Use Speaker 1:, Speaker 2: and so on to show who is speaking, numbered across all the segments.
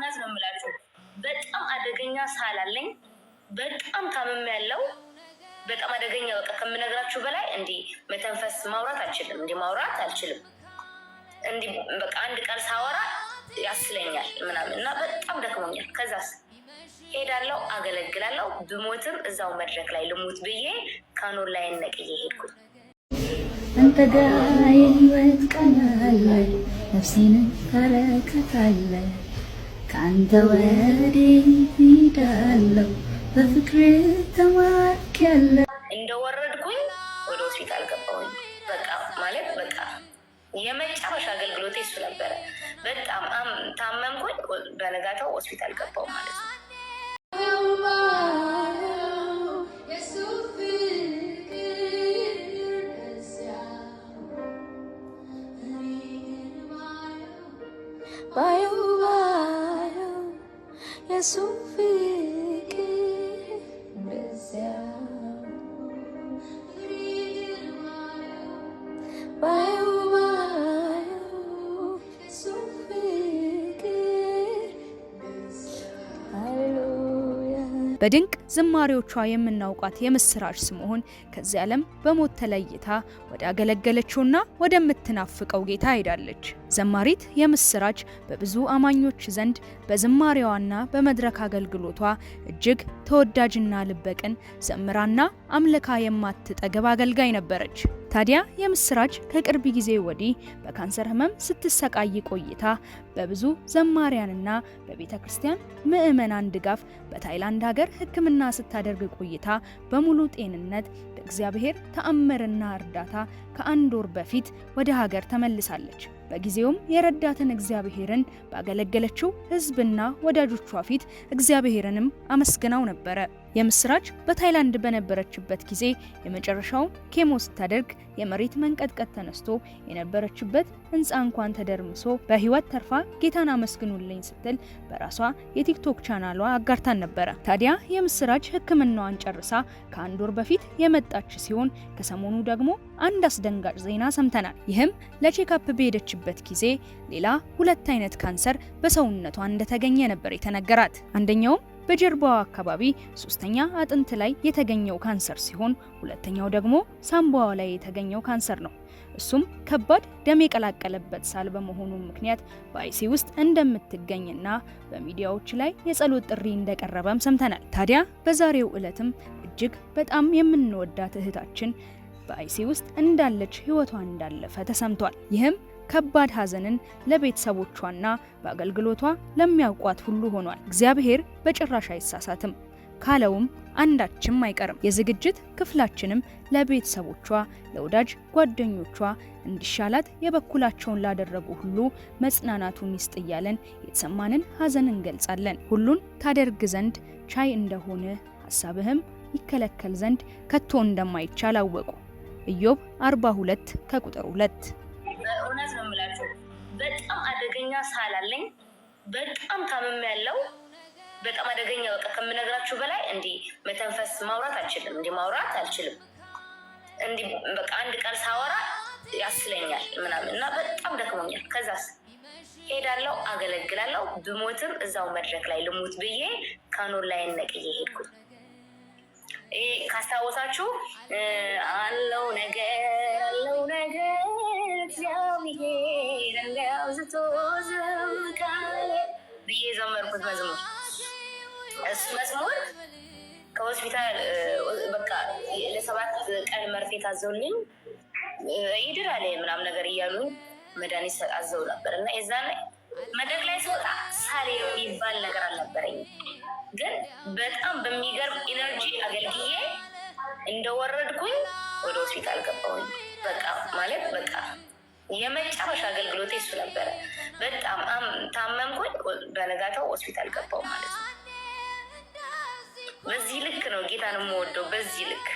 Speaker 1: እውነት ነው የምላችሁ። በጣም አደገኛ ሳል አለኝ። በጣም ታምም ያለው በጣም አደገኛ በቃ ከምነግራችሁ በላይ እንዲ መተንፈስ ማውራት አልችልም። እንዲ ማውራት አልችልም። እንዲ በቃ አንድ ቃል ሳወራ ያስለኛል ምናምን እና በጣም ደክሞኛል። ከዛስ ሄዳለው አገለግላለው። ብሞትም እዛው መድረክ ላይ ልሙት ብዬ ከኖር ላይ ነቅዬ ሄድኩኝ።
Speaker 2: አንተ ጋ የህይወት ቀናለ ነፍሴን ታረከታለ ካንተ ወዴት እሄዳለሁ? በፍቅር ተማርክ ያለ
Speaker 1: እንደወረድኩኝ ወደ ሆስፒታል ገባሁኝ። በቃ ማለት በቃ የመጨረሻ አገልግሎቴ እሱ ነበረ። በጣም ታመምኩኝ። በነጋታው ሆስፒታል ገባው ማለት ነው።
Speaker 3: በድንቅ ዝማሪዎቿ የምናውቃት የምስራች ስምዖን ከዚህ ዓለም በሞት ተለይታ ወደ አገለገለችውና ወደምት ወደምትናፍቀው ጌታ ሄዳለች። ዘማሪት የምስራች በብዙ አማኞች ዘንድ በዝማሬዋና በመድረክ አገልግሎቷ እጅግ ተወዳጅና ልበቅን ዘምራና አምልካ የማትጠገብ አገልጋይ ነበረች። ታዲያ የምስራች ከቅርብ ጊዜ ወዲህ በካንሰር ህመም ስትሰቃይ ቆይታ በብዙ ዘማሪያንና በቤተ ክርስቲያን ምዕመናን ድጋፍ በታይላንድ ሀገር ሕክምና ስታደርግ ቆይታ በሙሉ ጤንነት በእግዚአብሔር ተአምርና እርዳታ ከአንድ ወር በፊት ወደ ሀገር ተመልሳለች። በጊዜውም የረዳትን እግዚአብሔርን ባገለገለችው ህዝብና ወዳጆቿ ፊት እግዚአብሔርንም አመስግናው ነበረ። የምስራች በታይላንድ በነበረችበት ጊዜ የመጨረሻውን ኬሞ ስታደርግ የመሬት መንቀጥቀጥ ተነስቶ የነበረችበት ህንፃ እንኳን ተደርምሶ በህይወት ተርፋ ጌታን አመስግኑልኝ ስትል በራሷ የቲክቶክ ቻናሏ አጋርታን ነበረ። ታዲያ የምስራች ህክምናዋን ጨርሳ ከአንድ ወር በፊት የመጣች ሲሆን ከሰሞኑ ደግሞ አንድ አስደንጋጭ ዜና ሰምተናል። ይህም ለቼካፕ በሄደችበት ጊዜ ሌላ ሁለት አይነት ካንሰር በሰውነቷ እንደተገኘ ነበር የተነገራት። አንደኛውም በጀርባዋ አካባቢ ሶስተኛ አጥንት ላይ የተገኘው ካንሰር ሲሆን ሁለተኛው ደግሞ ሳምባዋ ላይ የተገኘው ካንሰር ነው። እሱም ከባድ ደም የቀላቀለበት ሳል በመሆኑ ምክንያት በአይሲ ውስጥ እንደምትገኝና በሚዲያዎች ላይ የጸሎት ጥሪ እንደቀረበም ሰምተናል። ታዲያ በዛሬው ዕለትም እጅግ በጣም የምንወዳት እህታችን በአይሲ ውስጥ እንዳለች ህይወቷ እንዳለፈ ተሰምቷል። ይህም ከባድ ሐዘንን ለቤተሰቦቿና በአገልግሎቷ ለሚያውቋት ሁሉ ሆኗል። እግዚአብሔር በጭራሽ አይሳሳትም ካለውም አንዳችም አይቀርም። የዝግጅት ክፍላችንም ለቤተሰቦቿ፣ ለወዳጅ ጓደኞቿ እንዲሻላት የበኩላቸውን ላደረጉ ሁሉ መጽናናቱን ይስጥ እያለን የተሰማንን ሐዘን እንገልጻለን። ሁሉን ታደርግ ዘንድ ቻይ እንደሆነ ሀሳብህም ይከለከል ዘንድ ከቶ እንደማይቻል አወቁ። ኢዮብ 42 ከቁጥር
Speaker 1: 2 አደገኛ ሳል አለኝ። በጣም ታምም ያለው በጣም አደገኛ በቃ ከምነግራችሁ በላይ እንዲህ መተንፈስ ማውራት አልችልም። እንዲህ ማውራት አልችልም። እንዲህ በቃ አንድ ቃል ሳወራ ያስለኛል ምናምን እና በጣም ደክሞኛል። ከዛስ ሄዳለው አገለግላለው ብሞትም እዛው መድረክ ላይ ልሙት ብዬ ከኖር ላይ ነቅዬ ሄድኩኝ። ካስታወሳችሁ አለው ነገር አለው ነገር እዚያው ሚሄድ እንዲያው ብዬ ዘመርኩት መዝሙር መዝሙር ከሆስፒታል በቃ ለሰባት ቀን መርፌ ታዘውልኝ ይድር አለ ነገር እያሉ መድኃኒት አዘው ነበር እና የዛ መድረክ ላይ ስወጣ ሳሌ የሚባል ነገር አልነበረኝም። ግን በጣም በሚገርም ኢነርጂ አገልግዬ እንደወረድኩኝ ወደ ሆስፒታል ገባሁኝ። በቃ ማለት በቃ የመጨረሻ አገልግሎት እሱ ነበረ። በጣም ታመምኩኝ። በነጋታው ሆስፒታል ገባው ማለት ነው። በዚህ ልክ ነው ጌታን የምወደው በዚህ ልክ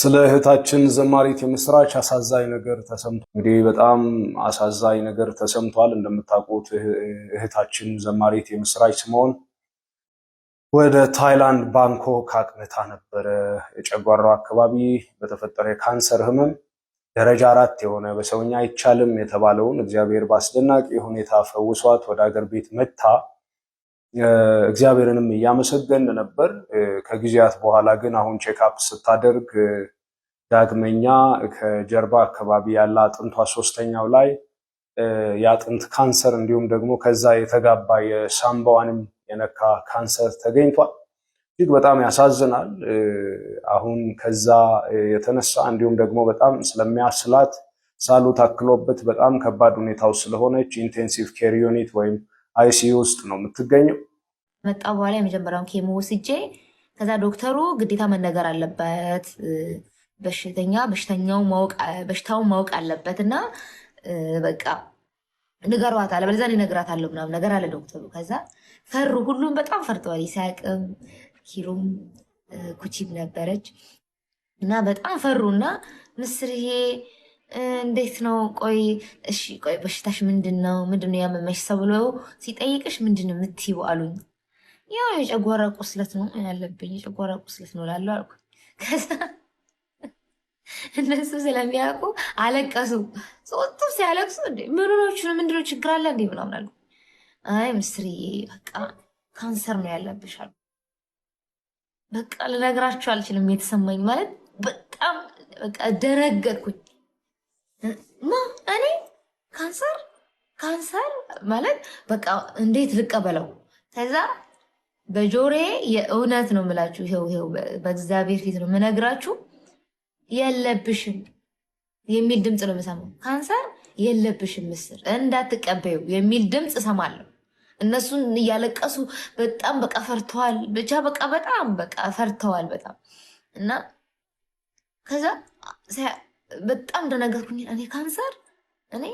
Speaker 4: ስለ እህታችን ዘማሪት የምስራች አሳዛኝ ነገር ተሰምቷል። እንግዲህ በጣም አሳዛኝ ነገር ተሰምቷል። እንደምታውቁት እህታችን ዘማሪት የምስራች ስምኦን ወደ ታይላንድ ባንኮክ አቅንታ ነበረ። የጨጓራው አካባቢ በተፈጠረ የካንሰር ህመም ደረጃ አራት የሆነ በሰውኛ አይቻልም የተባለውን እግዚአብሔር በአስደናቂ ሁኔታ ፈውሷት ወደ አገር ቤት መታ እግዚአብሔርንም እያመሰገን ነበር። ከጊዜያት በኋላ ግን አሁን ቼክአፕ ስታደርግ ዳግመኛ ከጀርባ አካባቢ ያለ አጥንቷ ሶስተኛው ላይ የአጥንት ካንሰር እንዲሁም ደግሞ ከዛ የተጋባ የሳምባዋንም የነካ ካንሰር ተገኝቷል። እጅግ በጣም ያሳዝናል። አሁን ከዛ የተነሳ እንዲሁም ደግሞ በጣም ስለሚያስላት ሳሉ ታክሎበት በጣም ከባድ ሁኔታው ስለሆነች ኢንቴንሲቭ ኬር ዩኒት ወይም አይሲዩ ውስጥ ነው የምትገኘው።
Speaker 1: መጣ በኋላ የመጀመሪያውን ኬሞ ወስጄ ከዛ ዶክተሩ ግዴታ መነገር አለበት በሽተኛ በሽታውን ማወቅ አለበት እና በቃ ንገሯት አለ በለዚያ እነግራታለሁ ምናምን ነገር አለ ዶክተሩ። ከዛ ፈሩ፣ ሁሉም በጣም ፈርተዋል። ይሳቅም ኪሩም ኩቺም ነበረች እና በጣም ፈሩ ፈሩና ምስርዬ እንዴት ነው? ቆይ እሺ፣ ቆይ በሽታሽ ምንድን ነው? ምንድን ነው ያመመሽ? ሰው ብሎ ሲጠይቅሽ ምንድን ነው የምትይው አሉኝ። ያው የጨጓራ ቁስለት ነው ያለብኝ፣ የጨጓራ ቁስለት ነው ላለው አልኩ። ከዛ እነሱ ስለሚያውቁ አለቀሱ። ሶቱም ሲያለቅሱ ምንኖች ነው ምንድነው ችግር አለ እንዴ ምናምን አሉ አይ ምስርዬ፣ በቃ ካንሰር ነው ያለብሽ አሉ። በቃ ልነግራችሁ አልችልም። የተሰማኝ ማለት በጣም በቃ ደረገጥኩኝ እኔ ካንሰር ካንሰር ማለት በቃ እንዴት ልቀበለው? ከዛ በጆሬ የእውነት ነው የምላችሁ፣ ይኸው ይኸው በእግዚአብሔር ፊት ነው የምነግራችሁ። የለብሽም የሚል ድምፅ ነው የምሰማው። ካንሰር የለብሽም ምስር እንዳትቀበዩ የሚል ድምፅ እሰማለሁ። እነሱን እያለቀሱ በጣም በቃ ፈርተዋል። ብቻ በቃ በጣም በቃ ፈርተዋል በጣም እና ከዛ በጣም እንደነገርኩኝ እኔ ካንሰር እኔ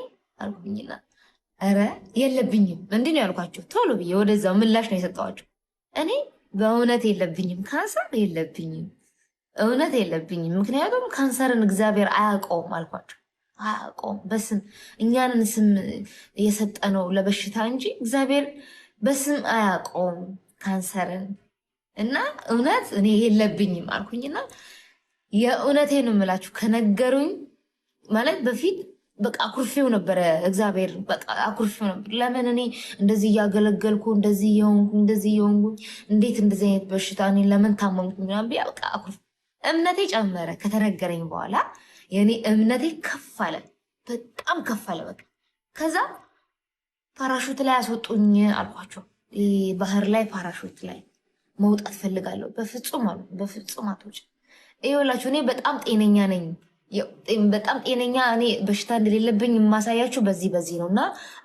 Speaker 1: አልኩኝና ኧረ የለብኝም እንዲህ ነው ያልኳቸው። ቶሎ ብዬ ወደዛው ምላሽ ነው የሰጠዋቸው። እኔ በእውነት የለብኝም ካንሰር የለብኝም፣ እውነት የለብኝም። ምክንያቱም ካንሰርን እግዚአብሔር አያውቀውም አልኳቸው። አያውቀውም። በስም እኛንን ስም የሰጠነው ለበሽታ እንጂ እግዚአብሔር በስም አያውቀውም ካንሰርን እና እውነት እኔ የለብኝም አልኩኝና የእውነቴ ነው የምላችሁ። ከነገሩኝ ማለት በፊት በቃ አኩርፌው ነበረ እግዚአብሔር በቃ አኩርፌው ነበር። ለምን እኔ እንደዚህ እያገለገልኩ እንደዚህ እየሆንኩ እንደዚህ እየሆንኩኝ እንዴት እንደዚህ አይነት በሽታ እኔ ለምን ታመምኩኝ ብዬ በቃ እምነቴ ጨመረ ከተነገረኝ በኋላ የኔ እምነቴ ከፍ አለ፣ በጣም ከፍ አለ። በቃ ከዛ ፓራሹት ላይ አስወጡኝ አልኳቸው። ባህር ላይ ፓራሹት ላይ መውጣት ፈልጋለሁ። በፍጹም አሉ፣ በፍጹም አቶች ይወላችሁ። እኔ በጣም ጤነኛ ነኝ፣ በጣም ጤነኛ እኔ በሽታ እንደሌለብኝ የማሳያችሁ በዚህ በዚህ ነው እና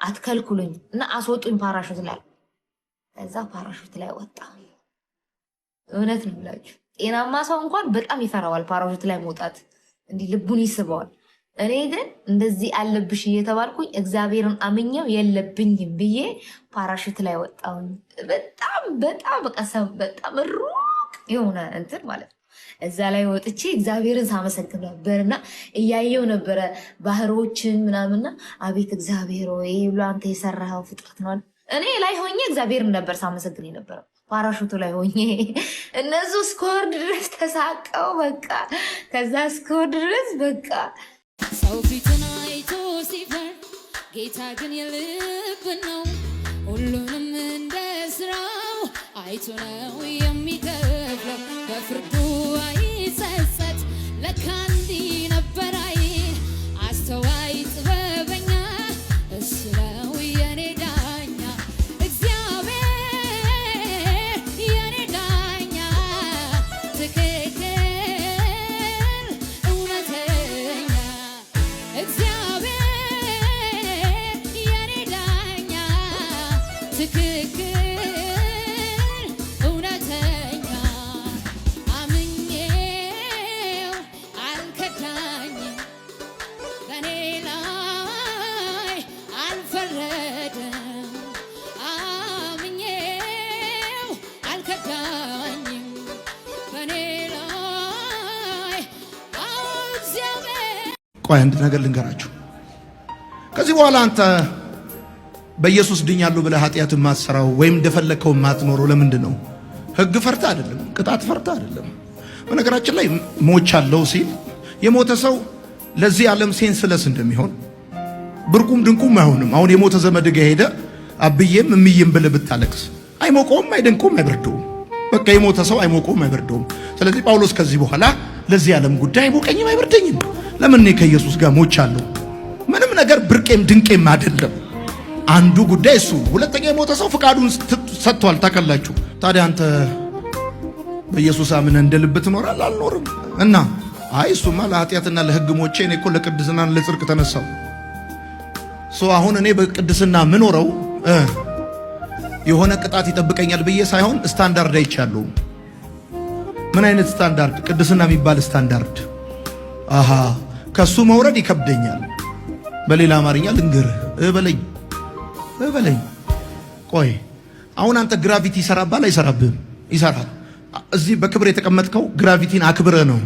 Speaker 1: አትከልኩሉኝ እና አስወጡኝ ፓራሹት ላይ። ከዛ ፓራሹት ላይ ወጣ። እውነት ነው ብላችሁ ጤናማ ሰው እንኳን በጣም ይፈራዋል ፓራሹት ላይ መውጣት። እንዲህ ልቡን ይስበዋል። እኔ ግን እንደዚህ አለብሽ እየተባልኩኝ እግዚአብሔርን አምኘው የለብኝም ብዬ ፓራሽት ላይ ወጣሁኝ። በጣም በጣም ቀሰም በጣም ሩቅ የሆነ እንትን ማለት ነው። እዛ ላይ ወጥቼ እግዚአብሔርን ሳመሰግን ነበር እና እያየው ነበረ ባህሮችን ምናምንና አቤት እግዚአብሔር ወይ ብሎ አንተ የሰራኸው ፍጥረት ነው። እኔ ላይ ሆኜ እግዚአብሔርን ነበር ሳመሰግን የነበረው። ፓራሹቱ ላይ ሆኜ እነሱ እስኮር ድረስ ተሳቀው በቃ ከዛ እስኮር ድረስ በቃ
Speaker 2: ሰው ፊትን አይቶ ሲፈር ጌታ ግን የልብ ነው። ሁሉንም እንደ ስራው አይቶ ነው የሚከፍለው። በፍርዱ አይጸጸት ለካንዲ ነበራይ አስተዋይ ጥበብ
Speaker 5: ቆይ አንድ ነገር ልንገራችሁ። ከዚህ በኋላ አንተ በኢየሱስ ድኛለሁ ብለህ ኃጢአት የማትሰራው ወይም እንደፈለግከው የማትኖረው ለምንድን ነው? ህግ ፈርታ አይደለም፣ ቅጣት ፈርታ አይደለም። በነገራችን ላይ ሞች አለው ሲል የሞተ ሰው ለዚህ ዓለም ሴንስለስ እንደሚሆን ብርቁም ድንቁም አይሆንም። አሁን የሞተ ዘመድ ጋ ሄደ አብዬም እምዬም ብለህ ብታለቅስ አይሞቀውም፣ አይደንቀውም፣ አይበርደውም። በቃ የሞተ ሰው አይሞቀውም፣ አይበርደውም። ስለዚህ ጳውሎስ ከዚህ በኋላ ለዚህ ዓለም ጉዳይ አይሞቀኝም አይበርደኝም። ለምን እኔ ከኢየሱስ ጋር ሞቻለሁ። ምንም ነገር ብርቄም ድንቄም አይደለም። አንዱ ጉዳይ እሱ። ሁለተኛ የሞተ ሰው ፍቃዱን ሰጥቷል። ታከላችሁ። ታዲያ አንተ በኢየሱስ አምነ እንደልብ ትኖራል? አልኖርም እና አይ እሱማ ለኃጢአትና ለሕግ ሞቼ እኔ እኮ ለቅድስና ለጽድቅ ተነሳው ሰው አሁን እኔ በቅድስና ምኖረው የሆነ ቅጣት ይጠብቀኛል ብዬ ሳይሆን ስታንዳርድ አይቻለሁ። ምን አይነት ስታንዳርድ? ቅድስና የሚባል ስታንዳርድ። አሃ ከሱ መውረድ ይከብደኛል። በሌላ አማርኛ ልንገርህ፣ እበለኝ እበለኝ። ቆይ አሁን አንተ ግራቪቲ ይሰራባል አይሰራብህም? ይሰራል። እዚህ በክብር የተቀመጥከው ግራቪቲን አክብረ ነው።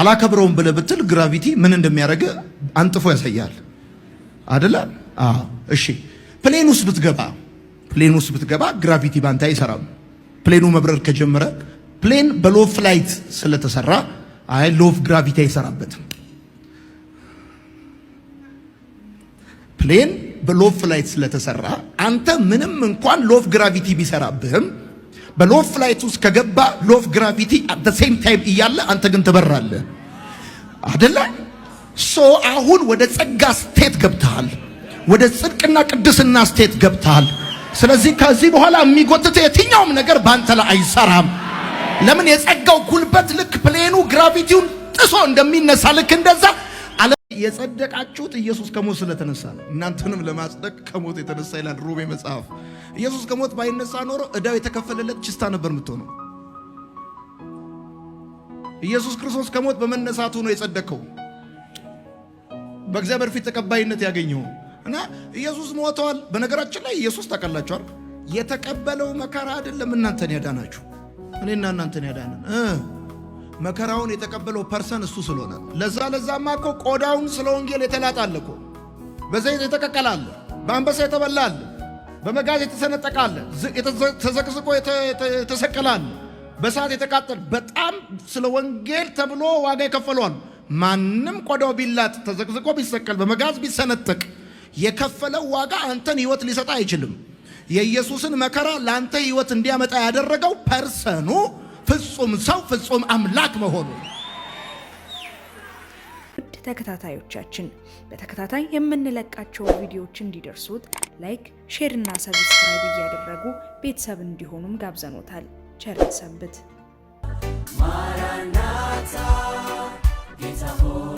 Speaker 5: አላከብረውም ብለህ ብትል ግራቪቲ ምን እንደሚያደርግ አንጥፎ ያሳያል። አደለ? እሺ ፕሌን ውስጥ ብትገባ ፕሌን ውስጥ ብትገባ ግራቪቲ ባንተ አይሰራም። ፕሌኑ መብረር ከጀመረ ፕሌን በሎ ፍላይት ላይት ስለተሰራ አይ ሎ ኦፍ ግራቪቲ አይሰራበትም። ፕሌን በሎ ፍላይት ስለተሰራ አንተ ምንም እንኳን ሎ ኦፍ ግራቪቲ ቢሰራብህም በሎ ፍላይት ውስጥ ከገባ ሎ ኦፍ ግራቪቲ አት ዘ ሴም ታይም እያለ አንተ ግን ትበራለህ አደለ? ሶ አሁን ወደ ጸጋ ስቴት ገብተሃል። ወደ ጽድቅና ቅድስና ስቴት ገብተሃል። ስለዚህ ከዚህ በኋላ የሚጎትት የትኛውም ነገር በአንተ ላይ አይሰራም። ለምን የጸጋው ጉልበት ልክ ፕሌኑ ግራቪቲውን ጥሶ እንደሚነሳ ልክ እንደዛ የጸደቃችሁት ኢየሱስ ከሞት ስለተነሳ ነው፣ እናንተንም ለማጽደቅ ከሞት የተነሳ ይላል ሮሜ መጽሐፍ። ኢየሱስ ከሞት ባይነሳ ኖሮ እዳው የተከፈለለት ችስታ ነበር የምትሆነው። ኢየሱስ ክርስቶስ ከሞት በመነሳቱ ነው የጸደቀው፣ በእግዚአብሔር ፊት ተቀባይነት ያገኘው እና ኢየሱስ ሞተዋል። በነገራችን ላይ ኢየሱስ ታውቃላችኋል፣ የተቀበለው መከራ አይደለም እናንተን ያዳናችሁ እኔና እናንተን ያዳነን መከራውን የተቀበለው ፐርሰን እሱ ስለሆነ ለዛ ለዛማ እኮ ቆዳውን ስለ ወንጌል የተላጣለ እኮ በዘይት የተቀቀላለ፣ በአንበሳ የተበላለ፣ በመጋዝ የተሰነጠቃለ፣ ተዘቅዝቆ የተሰቀላለ፣ በሰዓት የተቃጠል በጣም ስለ ወንጌል ተብሎ ዋጋ የከፈሏል። ማንም ቆዳው ቢላጥ፣ ተዘቅዝቆ ቢሰቀል፣ በመጋዝ ቢሰነጠቅ የከፈለው ዋጋ አንተን ህይወት ሊሰጣ አይችልም። የኢየሱስን መከራ ላንተ ህይወት እንዲያመጣ ያደረገው ፐርሰኑ ፍጹም ሰው ፍጹም አምላክ መሆኑ
Speaker 3: ውድ ተከታታዮቻችን በተከታታይ የምንለቃቸው ቪዲዮዎች እንዲደርሱት ላይክ፣ ሼር እና ሰብስክራይብ እያደረጉ ቤተሰብ እንዲሆኑም ጋብዘኖታል። ቸር ሰንብት። ማራናታ ጌታ